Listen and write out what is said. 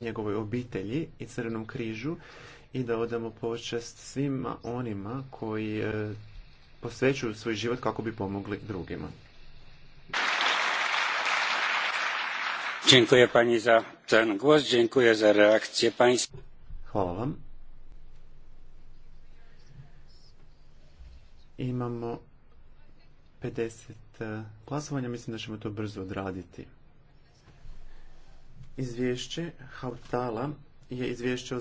njegovoj obitelji i Crvenom križu i da odamo počest svima onima koji e, posvećuju svoj život kako bi pomogli drugima. Dziękuję pani za ten głos, dziękuję za reakcję państwa. Hvala vam. Imamo 50 e, glasovanja, mislim da ćemo to brzo odraditi. Izvješće Hautala je izvješće o